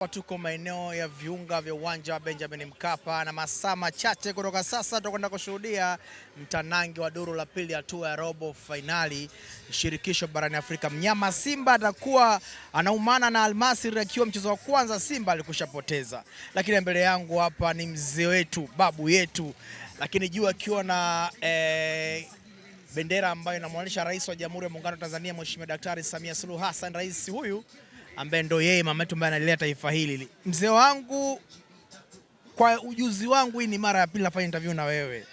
Hapa tuko maeneo ya viunga vya uwanja wa Benjamin Mkapa na masaa machache kutoka sasa tutakwenda kushuhudia mtanangi wa duru la pili hatua ya robo fainali shirikisho barani Afrika. Mnyama Simba atakuwa anaumana na Almasri akiwa mchezo wa kwanza Simba alikushapoteza, lakini mbele yangu hapa ni mzee wetu babu yetu, lakini juu akiwa na eh, bendera ambayo inamwonyesha rais wa Jamhuri ya Muungano wa Tanzania Mheshimiwa Daktari Samia Suluhu Hassan. Rais huyu ambaye ndo yeye mama yetu ambaye analilea taifa hili. Mzee wangu, kwa ujuzi wangu, hii ni mara ya pili nafanya interview na wewe,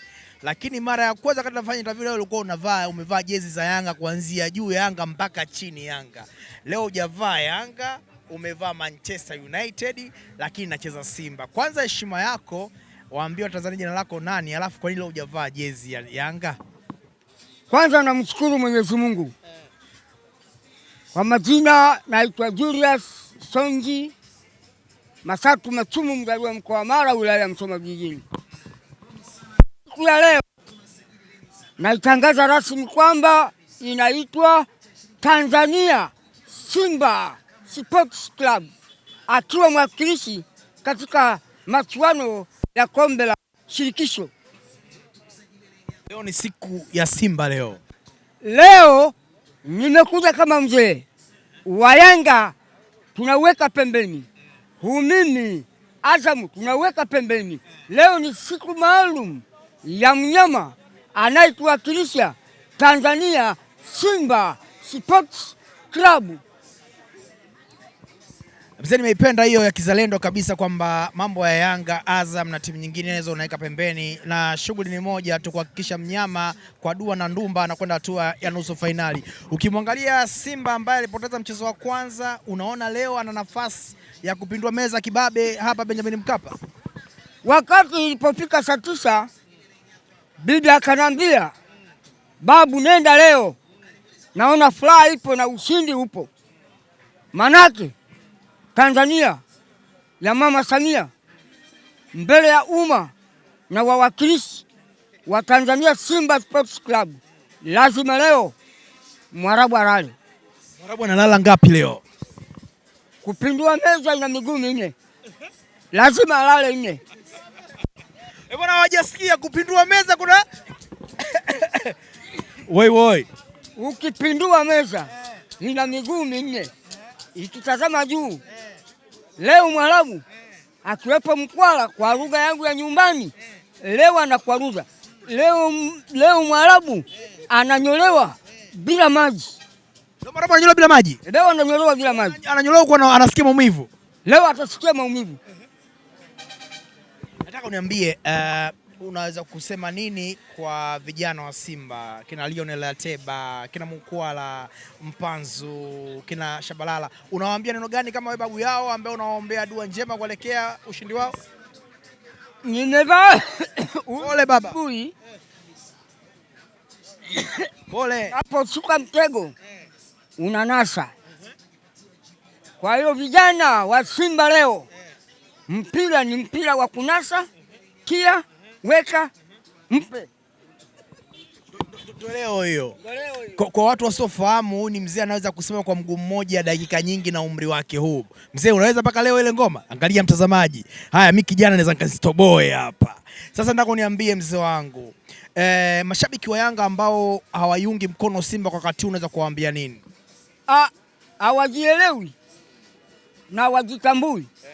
lakini mara ya kwanza kati nafanya interview leo ulikuwa unavaa umevaa jezi za Yanga kuanzia juu Yanga mpaka chini Yanga. Leo hujavaa Yanga, umevaa Manchester United, lakini nacheza Simba. Kwanza heshima yako, waambie Watanzania jina lako nani, alafu kwa nini leo hujavaa jezi ya Yanga? Kwanza namshukuru Mwenyezi Mungu eh. Kwa majina naitwa Julius Sonji Masatu Machumu, mzaliwa mkoa wa Mara, wilaya ya Msoma Vijijini. Siku ya leo naitangaza rasmi kwamba inaitwa Tanzania Simba Sports Club, akiwa mwakilishi katika machuano ya kombe la shirikisho. Leo ni siku ya Simba leo, leo nimekuja kama mzee wa Yanga, tunaweka pembeni huu mimi Azamu tunaweka pembeni. Leo ni siku maalum ya mnyama anayetuwakilisha Tanzania, Simba Sports Club. Mzee, nimeipenda hiyo ya kizalendo kabisa kwamba mambo ya Yanga, Azam na timu nyingine hizo unaweka pembeni, na shughuli ni moja tu, kuhakikisha mnyama kwa dua na ndumba anakwenda hatua ya nusu fainali. Ukimwangalia Simba ambaye alipoteza mchezo wa kwanza, unaona leo ana nafasi ya kupindua meza kibabe hapa Benjamin Mkapa. Wakati ilipofika saa tisa, bibi akanambia, babu, nenda leo, naona furaha ipo na ushindi upo, manake Tanzania ya Mama Samia mbele ya umma na wawakilishi wa Tanzania Simba Sports Club, lazima leo Mwarabu alale. Mwarabu analala ngapi leo? Kupindua meza ina miguu minne, lazima alale nne. E eh, bwana, hawajasikia kupindua meza kuna woi woi, ukipindua meza ina miguu minne ikitazama juu Leo Mwarabu akiwepo Mkwala kwa lugha yangu ya nyumbani leo anakwaruza. Leo, leo Mwarabu ananyolewa bila maji. Leo Mwarabu ananyolewa bila maji. Leo ananyolewa bila maji. Ananyolewa kwa anasikia maumivu. Leo atasikia maumivu. Nataka uniambie uh, unaweza kusema nini kwa vijana wa Simba kina Lionel Ateba, kina Mukwala, Mpanzu, kina Shabalala, unawaambia neno gani kama wewe babu yao ambaye unawaombea dua njema kuelekea ushindi wao? Pole baba. Pole. suka mtego unanasa. Kwa hiyo vijana wa Simba leo, mpira ni mpira wa kunasa, kia weka mhm. mpe Doleo hiyo kwa, kwa watu wasiofahamu, huyu ni mzee anaweza kusema kwa mguu mmoja dakika nyingi na umri wake huu. Mzee unaweza mpaka leo ile ngoma, angalia mtazamaji. Haya, mi kijana naweza nikazitoboe hapa. Sasa nataka uniambie mzee wangu, e, mashabiki wa Yanga ambao hawaiungi mkono Simba kwa wakati huu unaweza kuwaambia nini? Ah, hawajielewi na wajitambui eh.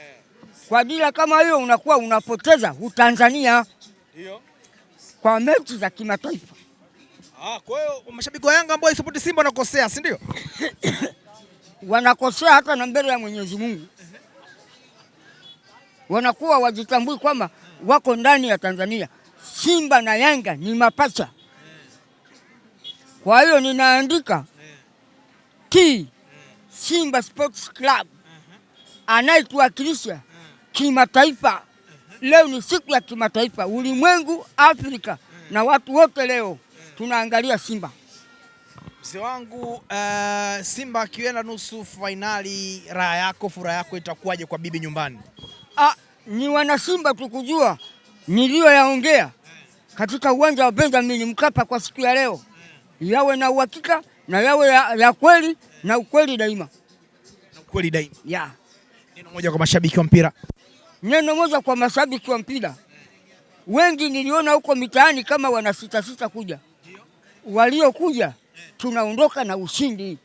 Kwa bila kama hiyo unakuwa unapoteza utanzania. Ndio. Kwa mechi za kimataifa. Ah, kwa hiyo mashabiki wa Yanga ambao support Simba wanakosea, si ndio? Wanakosea hata na mbele ya Mwenyezi Mungu. Wanakuwa wajitambui kwamba wako ndani ya Tanzania. Simba na Yanga ni mapacha. Kwa hiyo ninaandika T Simba Sports Club mhm. anayetuwakilisha kimataifa. Leo ni siku ya kimataifa, ulimwengu, Afrika mm. na watu wote leo mm. tunaangalia Simba. Mzee wangu uh, Simba akienda nusu fainali, raha yako furaha yako itakuwaje kwa bibi nyumbani? Ah, ni wana Simba tukujua niliyoyaongea mm. katika uwanja wa Benjamin Mkapa kwa siku ya leo mm. yawe na uhakika na yawe ya, ya kweli mm. na ukweli daima, na ukweli daima yeah. Neno moja kwa mashabiki wa mpira Neno moja kwa mashabiki wa mpira wengi niliona huko mitaani kama wana sita sita kuja, waliokuja tunaondoka na ushindi.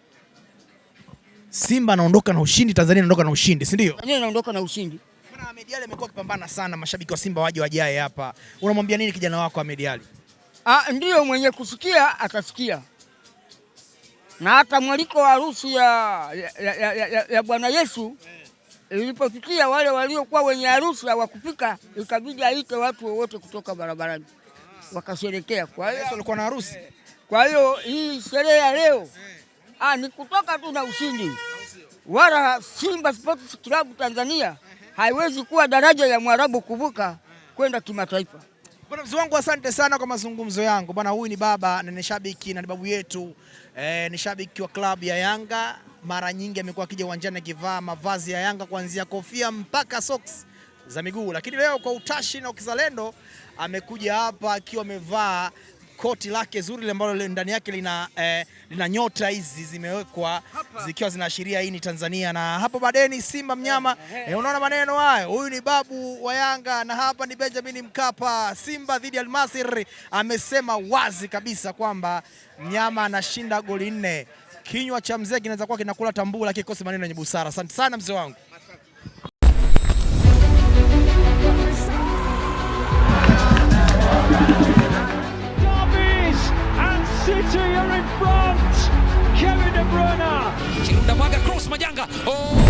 Simba anaondoka na ushindi, Tanzania anaondoka na ushindi, si ndio? Tanzania anaondoka na ushindi. Bwana Ahmed Ally amekuwa akipambana sana, mashabiki wa Simba waje wajae hapa. Unamwambia nini kijana wako Ahmed Ally? Ah, ndio mwenye kusikia atasikia, na hata mwaliko wa harusi ya, ya, ya, ya, ya, ya Bwana Yesu yeah. Ilipofikia wale waliokuwa wenye harusi hawakufika, ikabidi aite watu wowote kutoka barabarani wakasherekea. Kwa hiyo walikuwa na harusi. Kwa hiyo hii sherehe ya leo eh. ah, ni kutoka tu na ushindi, wala Simba Sports Club Tanzania haiwezi kuwa daraja ya Mwarabu kuvuka kwenda kimataifa. Bwana mzee wangu, asante sana kwa mazungumzo yangu bwana. Huyu ni baba na ni shabiki na ni babu yetu eh, ni shabiki wa klabu ya Yanga mara nyingi amekuwa akija uwanjani akivaa mavazi ya Yanga kuanzia kofia mpaka socks za miguu, lakini leo kwa utashi na ukizalendo amekuja hapa akiwa amevaa koti lake zuri ambalo ndani yake lina, eh, lina nyota hizi zimewekwa zikiwa zinaashiria hii ni Tanzania, na hapo baadaye Simba mnyama. Eh, eh, eh. eh, unaona maneno hayo, huyu ni babu wa Yanga na hapa ni Benjamin Mkapa, Simba dhidi ya Al Amesema wazi kabisa kwamba mnyama anashinda goli nne. Kinywa cha mzee kinaweza kuwa kinakula tambuu, lakini kikosi maneno yenye busara. Asante sana mzee wangu. Kevin De Bruyne. Kirunda mwaga cross Majanga. Oh.